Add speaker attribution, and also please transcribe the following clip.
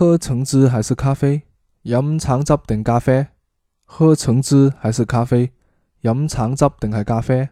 Speaker 1: 喝橙汁還是咖啡？飲橙汁定咖啡？喝橙汁還是咖啡？飲橙汁定係咖啡？